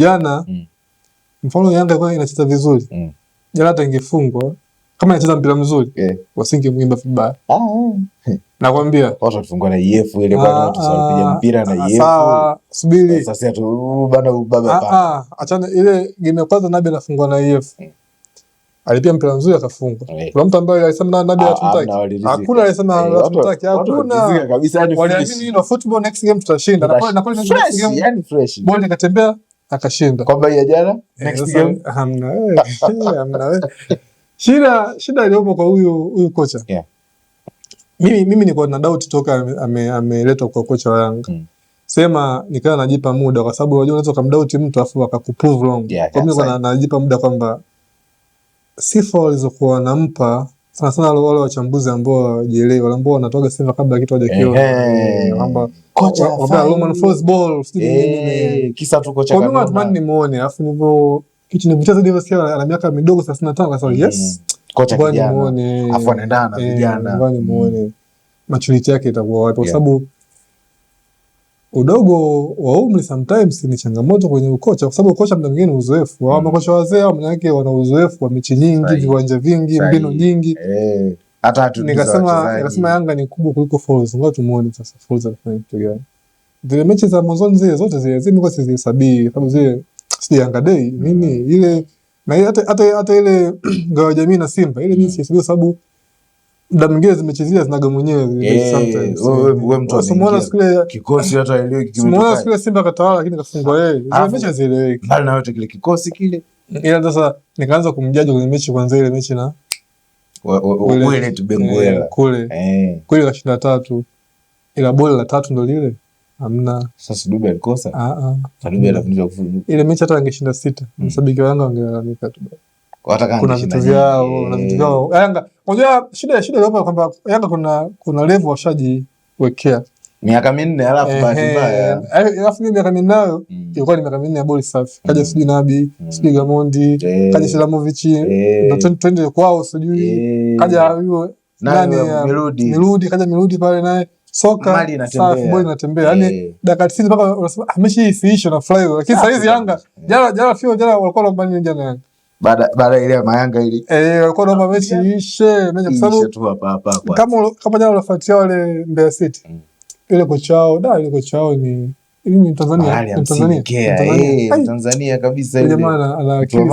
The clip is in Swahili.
jana mm. mfano Yanga kwa inacheza vizuri mm. jana hata ingefungwa kama inacheza mpira mzuri yeah. wasinge mwimba vibaya ah, yeah. nakwambia watu watufungwa na EF ile kwa watu wanapiga ah, mpira na ah, EF sawa subiri sasa tu bana baba ah ah, achana ile game ya kwanza Nabi anafungwa na EF mm. alipia mpira mzuri akafungwa eh. kuna mtu ambaye alisema Nabi ah, hatumtaki hakuna alisema eh, hatumtaki hakuna waliamini no football next game tutashinda na kweli na kweli next game yani fresh bodi katembea akashinda kwamba ya jana eh, next game hamna hamna shida shida iliyopo kwa huyu huyu kocha yeah. mimi mimi niko na doubt toka ameletwa ame kwa kocha wa Yanga mm. sema nikawa najipa muda kwa sababu unajua unaweza kumdoubt mtu afu akakuprove wrong yeah, kwa mimi najipa muda kwamba sifa walizokuwa nampa sana sana wale wachambuzi ambao hawajielewi, wale ambao wanatoa sifa kabla kitu hajakiona, mm, kwamba kocha Roman Force ball sijui kisa tu kocha, alafu nivyo kitu nivutia zaidi, ana miaka midogo 35 sasa, yes mm-hmm. kocha kijana, afu anaendana na eh, vijana, ngoja nimuone mm-hmm. maturity yake itakuwa wapi, kwa sababu udogo wa umri sometimes ni changamoto kwenye ukocha, kwa sababu ukocha mda mwingine uzoefu mm. makocha wazee au manake wana uzoefu wa mechi nyingi, viwanja vingi, mbinu nyingi eh. Hata nikasema nikasema Yanga ni kubwa kuliko Falls. Ngoja tumuone sasa Falls anafanya kitu gani. Zile mechi za mwanzoni zile zote zile zile nilikuwa sizihesabii, sababu zile si Yanga Day nini mm. ile na hata hata ile ngao jamii na Simba ile mimi mm. sihesabii sababu muda mwingine zimechezea zinaga mwenyewe eh, siku ile Simba katawala, lakini kafungwa yeye, eh, ah, mechi Ila sasa nikaanza kumjaji kwenye mechi kwanza, ile mechi na kule kweli eh, kashinda tatu, ila bole la tatu ndo lile amna. Ah, ah. Ile mechi hata angeshinda sita, hmm. mashabiki wa Yanga wangelalamika tu, kuna vitu vyao na vitu vyao Yanga Unajua shida shida iliyopo kwamba Yanga kuna kuna level washajiwekea miaka minne alafu bahati mbaya. Alafu miaka minne nayo mm. ilikuwa ni miaka minne ya boli safi. Mm. Kaja sijui Nabi, mm. sijui Gamondi, eh. kaja Shilamovic, eh. ndio twende kwao sijui. Eh. Kaja hiyo nani Mirudi. Mirudi kaja Mirudi pale naye soka safi boli inatembea. Yaani dakika 90 mpaka unasema ah, mechi hii isiishe na fly. Lakini ah, saizi Yanga jana jana fio jana walikuwa wanabani jana Yanga baada ile ya Mayanga ile eh, kwa naomba mechi ishe, kwa sababu hapa hapa kama kama jana unafuatia wale Mbeya City mm. ile kocha wao da, ile kocha wao ni ni Tanzania Tanzania eh, Tanzania kabisa ile jamaa ana